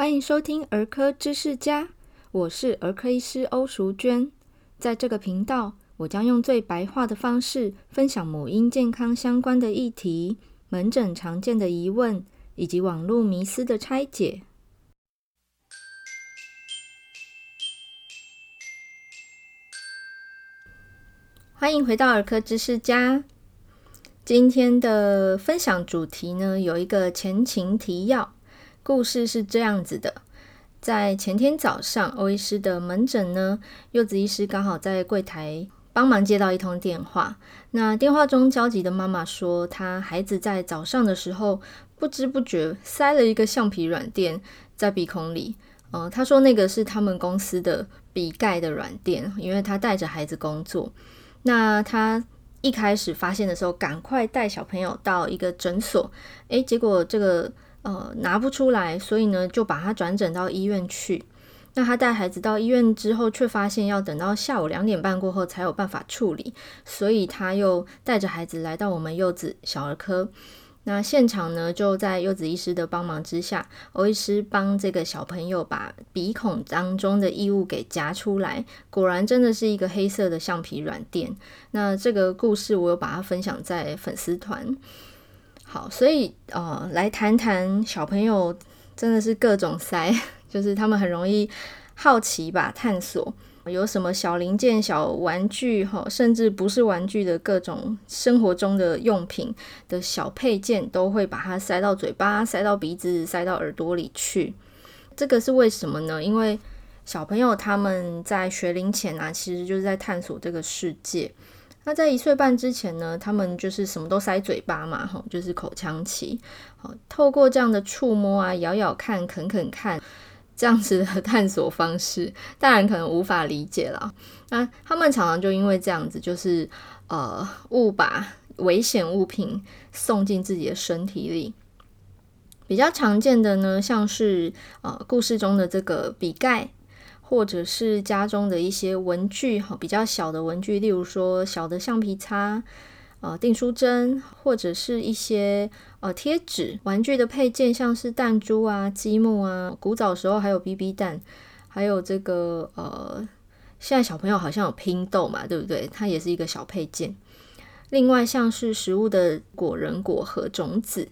歡迎收聽《兒科知識家》，我是兒科醫師歐淑娟。在這個頻道，我將用最白話的方式分享母嬰健康相關的議題、門診常見的疑問以及網絡迷思的拆解。歡迎回到《兒科知識家》。今天的分享主題呢，有一個前情提要。故事是這樣子的，在前天早上，歐醫師的門診呢，柚子醫師剛好在櫃檯幫忙接到一通電話。那電話中焦急的媽媽說，她孩子在早上的時候不知不覺塞了一個橡皮軟墊在鼻孔裡。嗯、呃，她說那個是他們公司的筆蓋的軟墊，因為她帶着孩子工作。那她一開始發現的時候，趕快帶小朋友到一個診所。誒、欸，結果這個。呃，拿不出來，所以呢，就把他轉診到醫院去。那他帶孩子到醫院之後，卻發現要等到下午兩點半過後才有辦法處理，所以他又帶着孩子來到我們柚子小兒科。那現場呢，就在柚子醫師的幫忙之下，歐醫師幫這個小朋友把鼻孔當中的異物給夾出來，果然真的是一個黑色的橡皮軟墊。那這個故事，我有把它分享在粉絲團。好，所以呃，來談談小朋友真的是各種塞，就是他們很容易好奇吧，探索有什麼小零件、小玩具哈，甚至不是玩具的各種生活中的用品的小配件，都會把它塞到嘴巴、塞到鼻子、塞到耳朵裡去。這個是為什麼呢？因為小朋友他們在學齡前啊，其實就是在探索這個世界。那在一歲半之前呢，他們就是什麼都塞嘴巴嘛，哈，就是口腔期。好，透過這樣的觸摸啊、咬咬看、啃啃看這樣子的探索方式，大人可能無法理解了。那他們常常就因為這樣子，就是呃，誤把危險物品送進自己的身體裡。比較常見的呢，像是呃故事中的這個筆蓋。或者是家中的一些文具，比較小的文具，例如說小的橡皮擦，呃，訂書針，或者是一些呃貼紙、玩具的配件，像是彈珠啊、積木啊，古早的時候還有 BB 彈，還有這個呃，現在小朋友好像有拼豆嘛，對不對？它也是一個小配件。另外像是食物的果仁、果核、種子。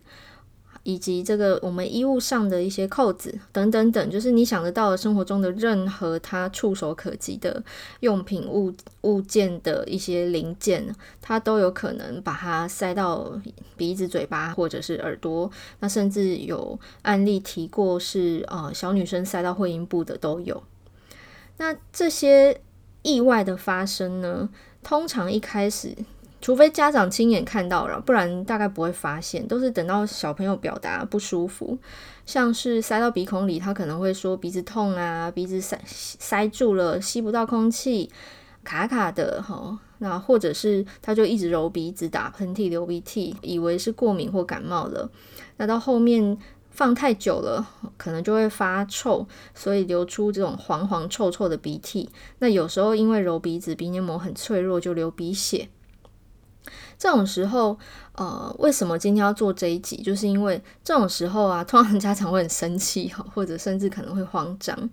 以及這個我們衣物上的一些扣子等等等，就是你想得到的生活中的任何它觸手可及的用品物、物件的一些零件，它都有可能把它塞到鼻子、嘴巴或者是耳朵。那甚至有案例提過是呃小女生塞到會陰部的都有。那這些意外的發生呢，通常一開始。除非家長親眼看到了，不然大概不會發現。都是等到小朋友表達不舒服，像是塞到鼻孔裡，他可能會說鼻子痛啊，鼻子塞塞住了，吸不到空氣，卡卡的吼。那或者是他就一直揉鼻子，打噴嚏、流鼻涕，以為是過敏或感冒了。那到後面放太久了，可能就會發臭，所以流出這種黃黃臭臭的鼻涕。那有時候因為揉鼻子，鼻黏膜很脆弱，就流鼻血。這種時候，呃，為什麼今天要做這一集？就是因為這種時候啊，通常家長會很生氣，或者甚至可能會慌張。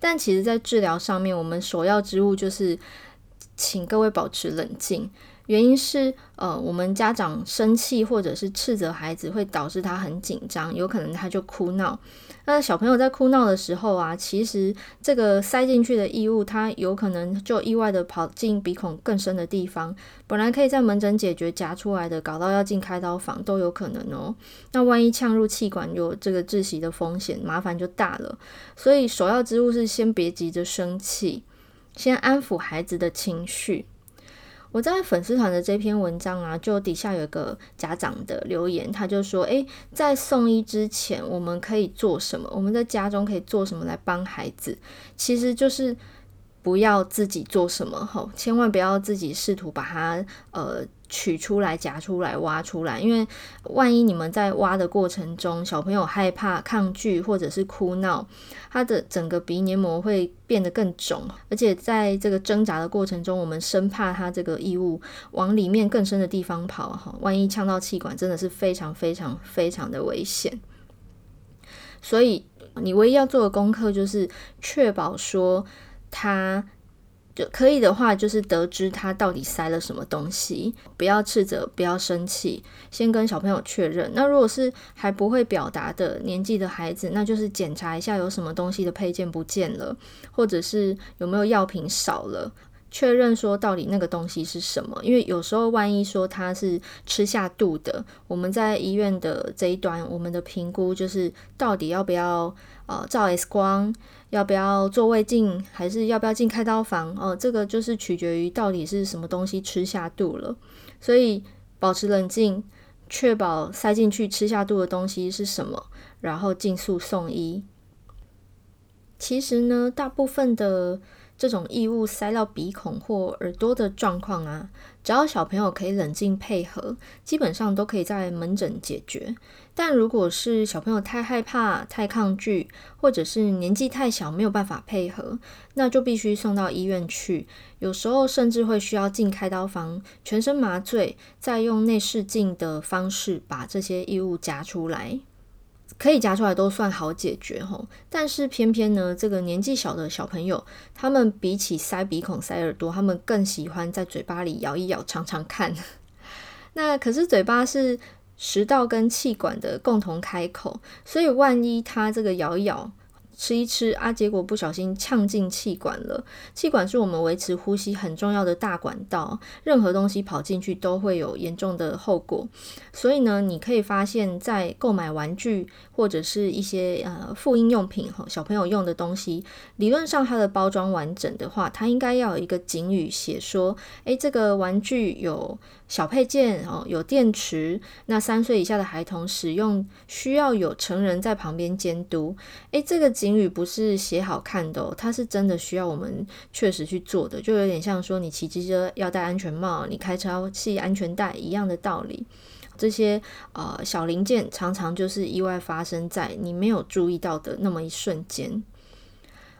但其實，在治療上面，我們首要之務就是請各位保持冷靜。原因是，呃，我們家長生氣或者是斥責孩子，會導致他很緊張，有可能他就哭鬧。那小朋友在哭鬧的時候啊，其實這個塞進去的異物，他有可能就意外地跑進鼻孔更深的地方，本來可以在門診解決夾出來的，搞到要進開刀房都有可能哦。那萬一嗆入氣管，有這個窒息的風險，麻煩就大了。所以首要之務是先別急着生氣，先安撫孩子的情緒。我在粉絲團的這篇文章啊，就底下有一個家長的留言，他就說：“欸，在送醫之前，我們可以做什麼？我們在家中可以做什麼來幫孩子？其實就是不要自己做什麼，哈，千萬不要自己試圖把他，呃。”取出來、夾出來、挖出來，因為萬一你們在挖的過程中，小朋友害怕、抗拒或者是哭鬧，他的整個鼻黏膜會變得更腫，而且在這個掙扎的過程中，我們生怕他這個異物往裡面更深的地方跑，哈，萬一嗆到氣管，真的是非常非常非常的危險。所以你唯一要做的功課就是確保說他。就可以的話，就是得知他到底塞了什麼東西，不要斥責，不要生氣，先跟小朋友確認。那如果是還不會表達的年紀的孩子，那就是檢查一下有什麼東西的配件不見了，或者是有沒有藥品少了。確認說到底那個東西是什麼，因為有時候萬一說它是吃下肚的，我們在醫院的這一端，我們的評估就是到底要不要呃照 X 光，要不要做胃鏡，還是要不要進開刀房？哦、呃，這個就是取決於到底是什麼東西吃下肚了。所以保持冷靜，確保塞進去吃下肚的東西是什麼，然後盡速送醫。其實呢，大部分的。這種異物塞到鼻孔或耳朵的狀況啊，只要小朋友可以冷靜配合，基本上都可以在門診解決。但如果是小朋友太害怕、太抗拒，或者是年紀太小沒有辦法配合，那就必須送到醫院去。有時候甚至會需要進開刀房、全身麻醉，再用內視鏡的方式把這些異物夾出來。可以夾出來都算好解決哈，但是偏偏呢，這個年紀小的小朋友，他們比起塞鼻孔、塞耳朵，他們更喜歡在嘴巴裡咬一咬、嘗嘗看。 那可是嘴巴是食道跟氣管的共同開口，所以萬一他這個咬一咬，吃一吃啊，結果不小心嗆進氣管了。氣管是我們維持呼吸很重要的大管道，任何東西跑進去都會有嚴重的後果。所以呢，你可以發現，在購買玩具或者是一些呃複印用品哈，小朋友用的東西，理論上它的包裝完整的話，它應該要有一個警語寫說：欸，這個玩具有。小配件哦，有電池。那三歲以下的孩童使用需要有成人在旁邊監督。誒，這個警語不是寫好看的哦，它是真的需要我們確實去做的。就有點像說你騎機車要戴安全帽，你開車要繫安全帶一樣的道理。這些呃小零件常常就是意外發生在你沒有注意到的那麼一瞬間。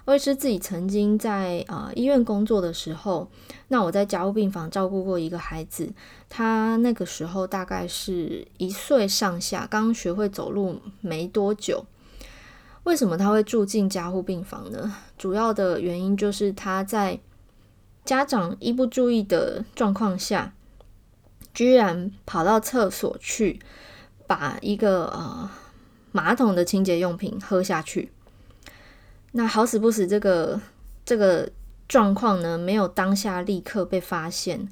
我也是自己曾經在啊、呃、醫院工作的時候，那我在加護病房照顧過一個孩子，他那個時候大概是一歲上下，剛學會走路沒多久。為什麼他會住進加護病房呢？主要的原因就是他在家長一不注意的狀況下，居然跑到廁所去，把一個呃馬桶的清潔用品喝下去。那好死不死這個這個狀況呢，沒有當下立刻被發現，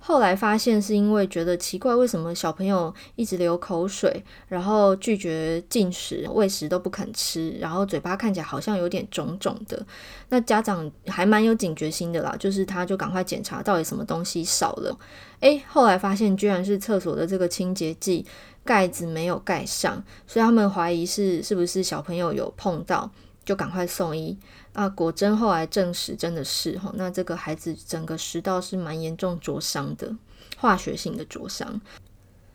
後來發現是因為覺得奇怪，為什麼小朋友一直流口水，然後拒絕進食，餵食都不肯吃，然後嘴巴看起來好像有點腫腫的。那家長還蠻有警覺心的啦，就是他就趕快檢查到底什麼東西少了。哎、欸，後來發現居然是廁所的這個清潔劑蓋子沒有蓋上，所以他們懷疑是是不是小朋友有碰到。就趕快送醫啊！果真後來證實，真的是吼。那這個孩子整個食道是蠻嚴重灼傷的，化學性的灼傷。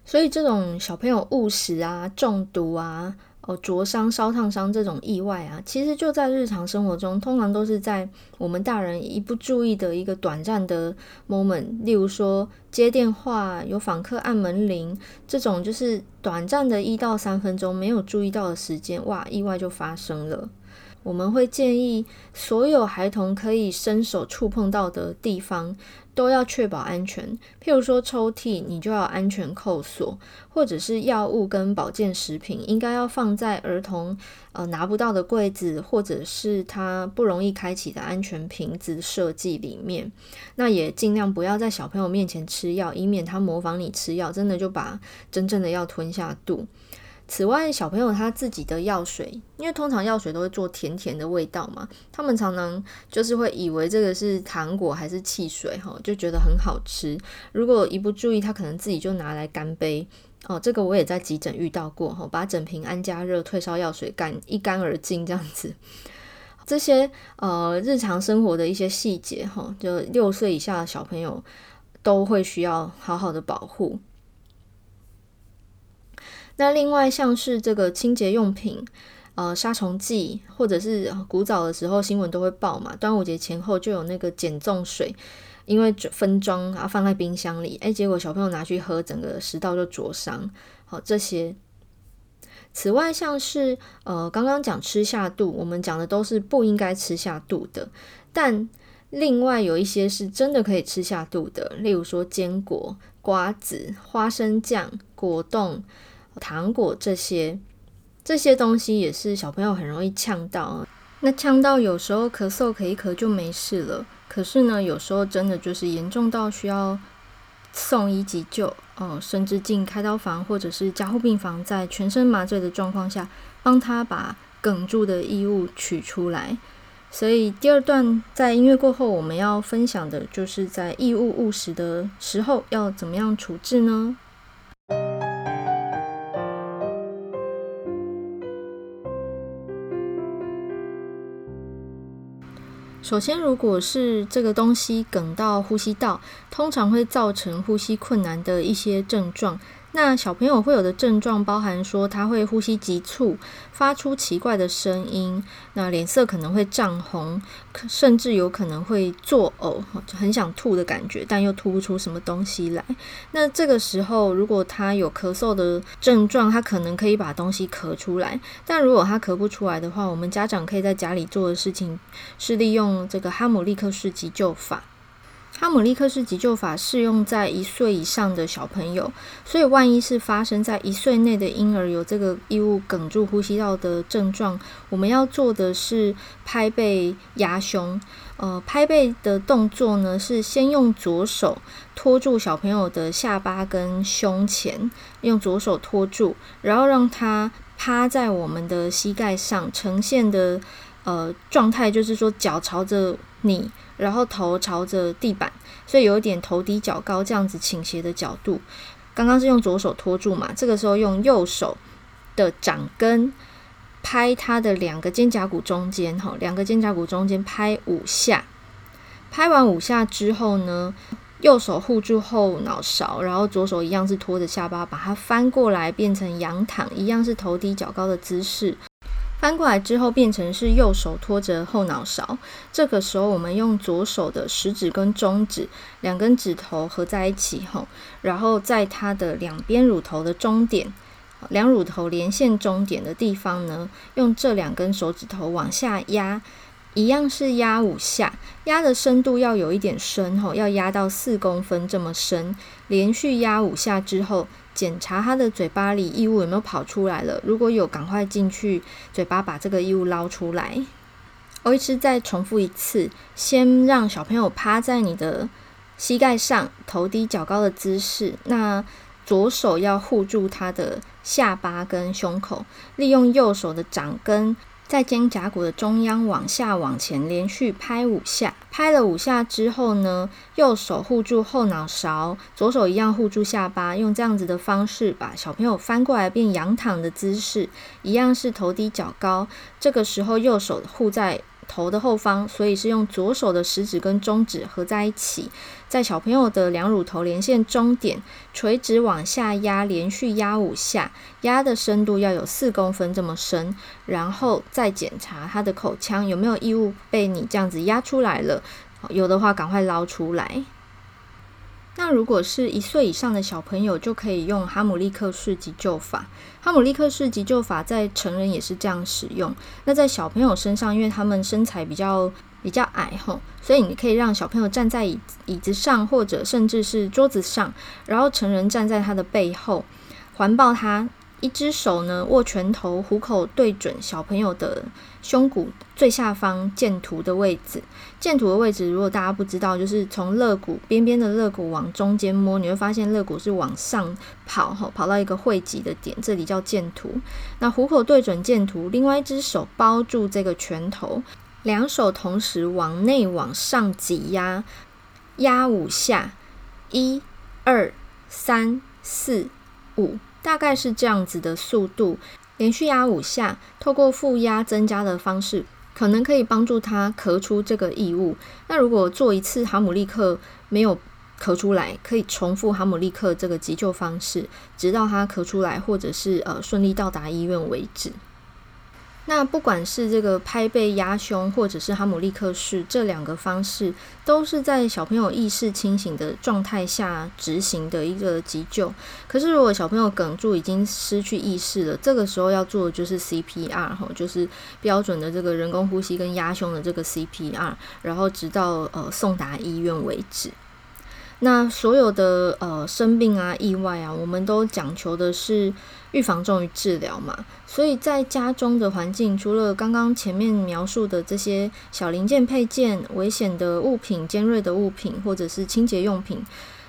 所以這種小朋友誤食啊、中毒啊、哦灼傷、燒燙傷這種意外啊，其實就在日常生活中，通常都是在我們大人一不注意的一個短暫的 moment，例如說接電話、有訪客按門鈴這種，就是短暫的一到三分鐘沒有注意到的時間，哇！意外就發生了。我們會建議所有孩童可以伸手觸碰到的地方，都要確保安全。譬如說抽屜，你就要安全扣鎖；或者是藥物跟保健食品，應該要放在兒童呃拿不到的櫃子，或者是他不容易開啟的安全瓶子設計裡面。那也盡量不要在小朋友面前吃藥，以免他模仿你吃藥，真的就把真正的藥吞下肚。此外，小朋友他自己的藥水，因為通常藥水都會做甜甜的味道嘛，他們常常就是會以為這個是糖果還是汽水哈、哦，就覺得很好吃。如果一不注意，他可能自己就拿來乾杯哦。這個我也在急診遇到過、哦、把整瓶安佳熱退燒藥水乾一乾而淨。這樣子。這些呃日常生活的一些細節哈、哦，就六歲以下的小朋友都會需要好好的保護。那另外像是這個清潔用品，呃，殺蟲劑，或者是古早的時候新聞都會報嘛，端午節前後就有那個鹼粽水，因為分裝啊，放在冰箱裡，哎、欸，結果小朋友拿去喝，整個食道就灼傷。好、啊，這些。此外像是呃，剛剛講吃下肚，我們講的都是不應該吃下肚的，但另外有一些是真的可以吃下肚的，例如說，堅果、瓜子、花生醬、果凍。糖果、這些這些東西也是小朋友很容易嗆到啊。那嗆到有時候咳嗽咳一咳就沒事了，可是呢，有時候真的就是嚴重到需要送醫急救，哦、嗯，甚至進開刀房或者是加護病房，在全身麻醉的狀況下幫他把哽住的異物取出來。所以第二段在音樂過後，我們要分享的就是在異物誤食的時候要怎麼樣處置呢？首先，如果是這個東西哽到呼吸道，通常會造成呼吸困難的一些症狀。那小朋友會有的症狀包含說他會呼吸急促，發出奇怪的聲音，那臉色可能會漲紅，甚至有可能會作嘔，就很想吐的感覺，但又吐不出什麼東西來。那這個時候，如果他有咳嗽的症狀，他可能可以把東西咳出來。但如果他咳不出來的話，我們家長可以在家裡做的事情是利用這個哈姆立克氏急救法。哈姆立克氏急救法適用在一歲以上的小朋友，所以萬一是發生在一歲內的嬰兒有這個異物哽住呼吸道的症狀，我們要做的是拍背壓胸。呃，拍背的動作呢，是先用左手托住小朋友的下巴跟胸前，用左手托住，然後讓他趴在我們的膝蓋上，呈現的。呃，狀態就是說腳朝着你，然後頭朝着地板，所以有一點頭低腳高這樣子傾斜的角度。剛剛是用左手托住嘛，這個時候用右手的掌根拍它的兩個肩胛骨中間，哈、哦，兩個肩胛骨中間拍五下。拍完五下之後呢，右手護住後腦勺，然後左手一樣是托着下巴，把它翻過來變成仰躺，一樣是頭低腳高的姿勢。翻過來之後，變成是右手托着後腦勺。這個時候，我們用左手的食指跟中指兩根指頭合在一起，吼，然後在它的兩邊乳頭的中點，兩乳頭連線中點的地方呢，用這兩根手指頭往下壓。一樣是壓五下，壓的深度要有一點深吼，要壓到四公分這麼深。連續壓五下之後，檢查他的嘴巴裡異物有沒有跑出來了。如果有，趕快進去嘴巴把這個異物撈出來。歐醫師再重複一次，先讓小朋友趴在你的膝蓋上，頭低腳高的姿勢。那左手要護住他的下巴跟胸口，利用右手的掌根。在肩胛骨的中央往下往前連續拍五下，拍了五下之後呢，右手護住後腦勺，左手一樣護住下巴，用這樣子的方式把小朋友翻過來變仰躺的姿勢，一樣是頭低腳高。這個時候右手護在頭的後方，所以是用左手的食指跟中指合在一起，在小朋友的兩乳頭連線中點，垂直往下壓，連續壓五下，壓的深度要有四公分這麼深，然後再檢查他的口腔有沒有異物被你這樣子壓出來了，有的話趕快撈出來。那如果是一歲以上的小朋友，就可以用哈姆立克氏急救法。哈姆立克氏急救法在成人也是這樣使用。那在小朋友身上，因為他們身材比較比較矮吼，所以你可以讓小朋友站在椅椅子上，或者甚至是桌子上，然後成人站在他的背後，環抱他。一隻手呢，握拳頭，虎口對準小朋友的胸骨最下方劍突的位置。劍突的位置，如果大家不知道，就是從肋骨邊邊的肋骨往中間摸，你會發現肋骨是往上跑，吼，跑到一個匯集的點，這裡叫劍突。那虎口對準劍突，另外一隻手包住這個拳頭，兩手同時往內往上擠壓，壓五下，一、二、三、四、五。大概是這樣子的速度，連續壓五下，透過負壓增加的方式，可能可以幫助他咳出這個異物。那如果做一次哈姆立克沒有咳出來，可以重複哈姆立克這個急救方式，直到他咳出來，或者是呃順利到達醫院為止。那不管是這個拍背壓胸，或者是哈姆立克氏，這兩個方式都是在小朋友意識清醒的狀態下執行的一個急救。可是如果小朋友哽住已經失去意識了，這個時候要做的就是 CPR，吼，就是標準的這個人工呼吸跟壓胸的這個 CPR，然後直到呃送達醫院為止。那所有的呃生病啊、意外啊，我們都講求的是預防重於治療嘛，所以在家中的環境，除了剛剛前面描述的這些小零件、配件、危險的物品、尖銳的物品，或者是清潔用品。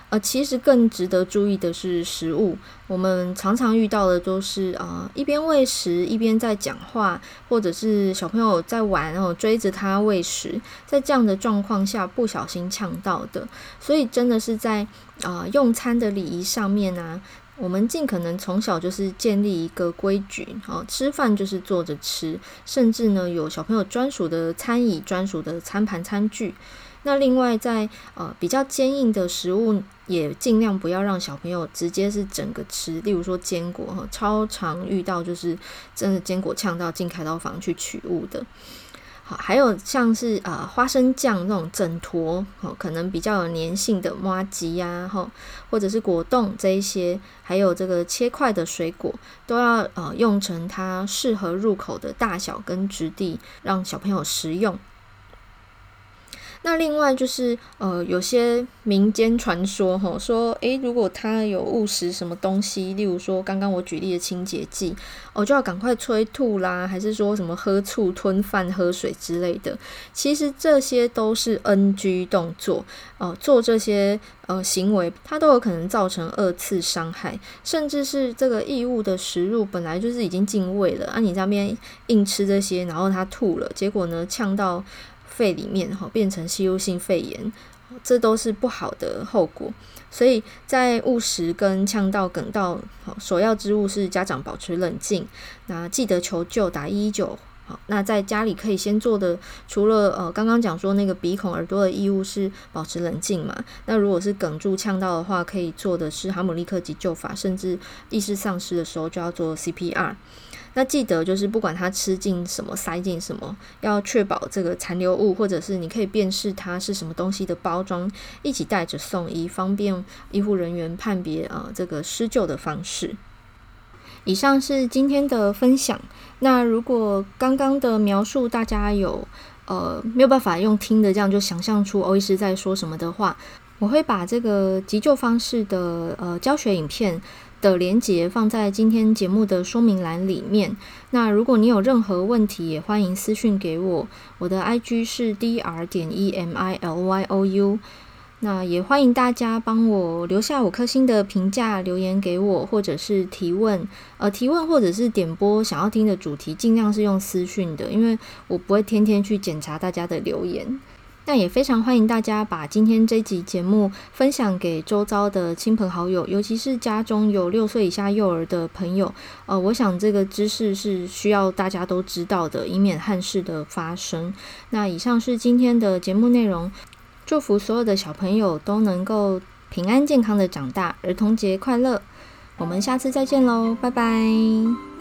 呃，其實更值得注意的是食物。我們常常遇到的都是啊、呃，一邊餵食一邊在講話，或者是小朋友在玩哦、呃，追着他餵食，在這樣的狀況下不小心嗆到的。所以真的是在啊、呃、用餐的禮儀上面呢、啊，我們盡可能從小就是建立一個規矩哦、呃，吃飯就是坐着吃，甚至呢有小朋友專屬的餐椅、專屬的餐盤、餐具。那另外在，在呃比較堅硬的食物，也盡量不要讓小朋友直接是整個吃，例如說堅果哈，超常遇到就是真的堅果嗆到進開刀房去取物的。好，還有像是呃花生醬那種整坨，哦、呃，可能比較有粘性的麻糬呀，或者是果凍這一些，還有這個切塊的水果，都要呃用成它適合入口的大小跟質地，讓小朋友食用。那另外就是，呃，有些民間傳說，吼，說，誒，如果他有誤食什麼東西，例如說剛剛我舉例的清潔劑，哦，就要趕快催吐啦，還是說什麼喝醋、吞飯、喝水之類的，其實這些都是 NG 動作，哦、呃，做這些呃行為，它都有可能造成二次傷害，甚至是這個異物的食入本來就是已經進胃了，啊，你這邊硬吃這些，然後他吐了，結果呢，嗆到。肺裡面哈變成吸入性肺炎，這都是不好的後果。所以在誤食跟嗆到哽到，好，首要之務是家長保持冷靜，那記得求救打一一九。好，那在家裡可以先做的，除了呃剛剛講說那個鼻孔耳朵的異物是保持冷靜嘛，那如果是哽住嗆到的話，可以做的是哈姆立克急救法，甚至意識喪失的時候就要做 CPR。那記得就是不管他吃進什麼、塞進什麼，要確保這個殘留物，或者是你可以辨識它是什麼東西的包裝，一起帶着送醫，方便醫護人員判別呃這個施救的方式。以上是今天的分享。那如果剛剛的描述大家有呃沒有辦法用聽的這樣就想象出歐醫師在說什麼的話，我會把這個急救方式的呃教學影片的鏈接放在今天節目的說明欄裡面。那如果你有任何問題，也歡迎私訊給我，我的 I G 是 d r 點 e m i l y o u。那也歡迎大家幫我留下五顆星的評價，留言給我，或者是提問，呃，提問或者是點播想要聽的主題，儘量是用私訊的，因為我不會天天去檢查大家的留言。那也非常歡迎大家把今天這集節目分享給周遭的親朋好友，尤其是家中有六歲以下幼兒的朋友。呃，我想這個知識是需要大家都知道的，以免憾事的發生。那以上是今天的節目內容，祝福所有的小朋友都能夠平安健康的長大，兒童節快樂！我們下次再見嘍，拜拜。